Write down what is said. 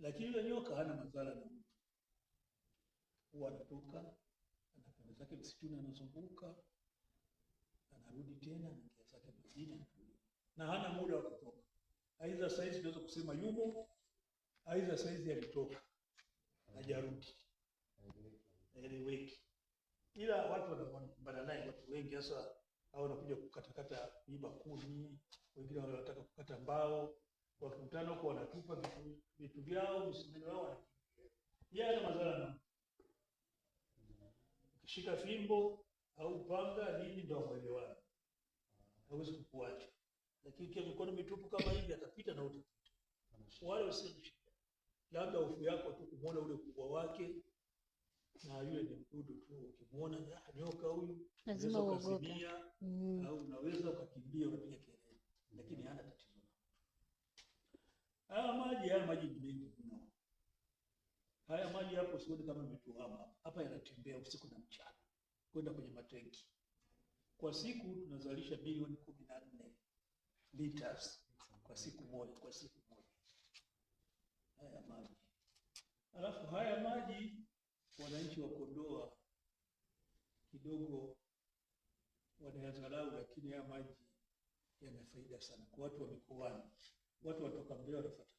Lakini yule nyoka hana madhara na mtu, huwa anatoka anakwenda zake msituni, anazunguka, anarudi tena anaingia zake majini, na hana muda wa kutoka. Aidha saizi tunaweza kusema yumo, aidha saizi alitoka, hajarudi, eleweki. Ila watu wanakumbana naye, watu wengi hasa au wanakuja kukatakata, kuiba kuni, wengine wanataka kukata mbao wakikutana huko wanatupa vitu vitu vyao misumeno yao wanakimbia. Yeye ana madhara na ukishika fimbo au panga nini, ndio mwelewana, hawezi kukuacha. Lakini kia mikono mitupu kama hivi atapita na utapita, wale wasioshika, labda hofu yako tu kumwona ule ukubwa wake na yule ni mdudu tu, ukimwona ah, nyoka huyu lazima uogope, mm. au unaweza ukakimbia. maji haya, maji ni mengi mno. Haya maji hapo sioni kama imetuama hapa, yanatembea usiku na mchana kwenda kwenye matenki. Kwa siku tunazalisha bilioni kumi na nne liters kwa siku moja, kwa siku moja haya maji. Alafu haya maji wananchi wa Kondoa kidogo wanayadharau, lakini haya maji yana faida sana kwa watu wa mikoani, watu watoka Mbeya wanafuata